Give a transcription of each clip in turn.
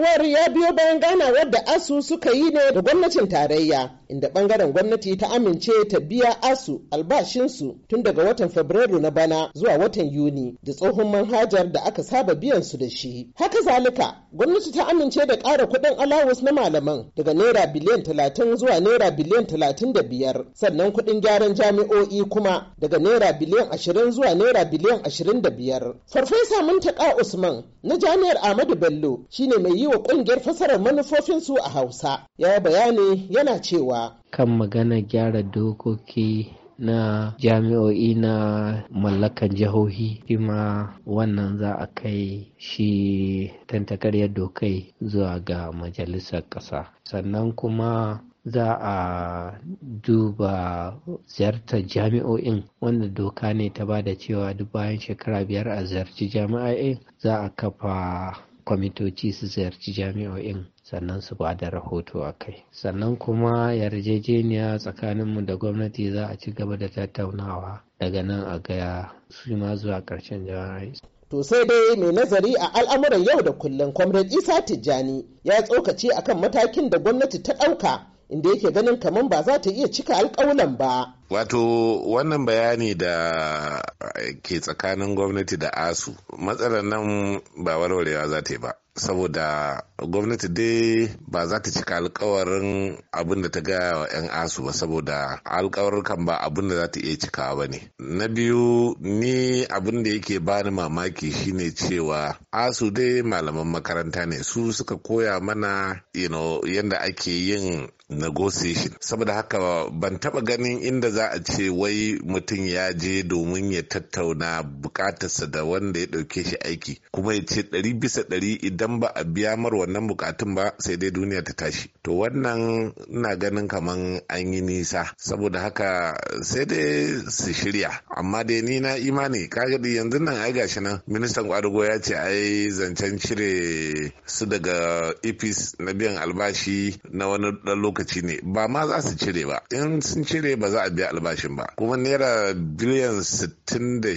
Sanarwar ya biyo bayan ganawar da ASU suka yi ne da gwamnatin tarayya inda bangaren gwamnati ta amince ta biya asu albashinsu tun daga watan Fabrairu na bana zuwa watan Yuni da tsohon manhajar da aka saba biyan su da shi. Haka zalika gwamnati ta amince da ƙara kuɗin alawus na malaman daga naira biliyan talatin zuwa naira biliyan talatin da biyar sannan kuɗin gyaran jami'o'i kuma daga naira biliyan ashirin zuwa naira biliyan ashirin da biyar. Farfesa Muntaka Usman na jami'ar Ahmadu Bello shine mai yi wa ƙungiyar fasarar manufofinsu a Hausa. Ya bayani yana cewa kan magana gyara dokoki na jami'o'i na mallakan jihohi kima wannan za a kai shi tantakaryar dokai zuwa ga majalisar ƙasa sannan kuma za a duba ziyartar jami'o'in wanda doka ne ta ba da cewa duk bayan shekara biyar a ziyarci jami'o'in za a kafa kwamitoci su ziyarci jami'o'in sannan su bada rahoto a kai sannan kuma yarjejeniya tsakaninmu da gwamnati za a ci gaba da tattaunawa daga nan a gaya su ma zuwa ƙarshen jami'ai to sai dai mai nazari a al'amuran yau da kullum Kwamitin isa tijjani ya tsokace akan matakin da gwamnati ta ɗauka inda yake ganin kamar ba za ta iya cika alƙawulan ba Wato wannan bayani da ke tsakanin gwamnati da asu matsalar nan ba warwarewa za ta yi ba. saboda gwamnati dai ba za ta cika alkawarin abin da ta gaya wa 'yan asu ba saboda kan ba abin da za ta iya cika ba ne na biyu ni abin da yake bani mamaki shine cewa asu dai malaman makaranta ne su suka koya mana yadda ake yin negotiation saboda haka ban taba ganin inda za a ce wai mutum ya je domin ya tattauna bukatarsa da wanda ya ɗauke shi aiki kuma ya ce ɗari bisa ɗari idan ba a biya mar wannan bukatun ba sai dai duniya ta tashi to wannan ina ganin kaman an yi nisa saboda haka sai dai su shirya amma dai ni na imani kagadi yanzu nan ai gashi nan ministan kwadugo ya ce ai zancen cire su daga ipis e na biyan albashi na wani dan lokaci ne ba ma za su cire ba in sun cire ba za a biya albashin ba kuma naira biliyan sittin da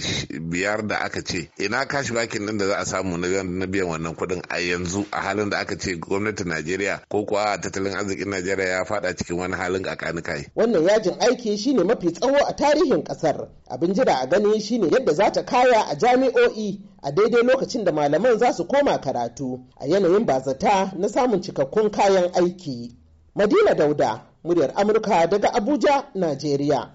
biyar da aka ce ina kashi bakin din da za a samu na biyan wannan kuɗin a yanzu a halin da aka ce gwamnatin Najeriya ko kuwa tattalin arzikin Najeriya ya fada cikin wani halin kakanikai. Wannan yajin aiki shine mafi tsawo a tarihin kasar. Abin jira a gani shine yadda za ta kaya a jami'o'i a daidai lokacin da malaman za su koma karatu a yanayin bazata na samun cikakkun kayan aiki. Madina Dauda, muryar Amurka daga Abuja, Najeriya.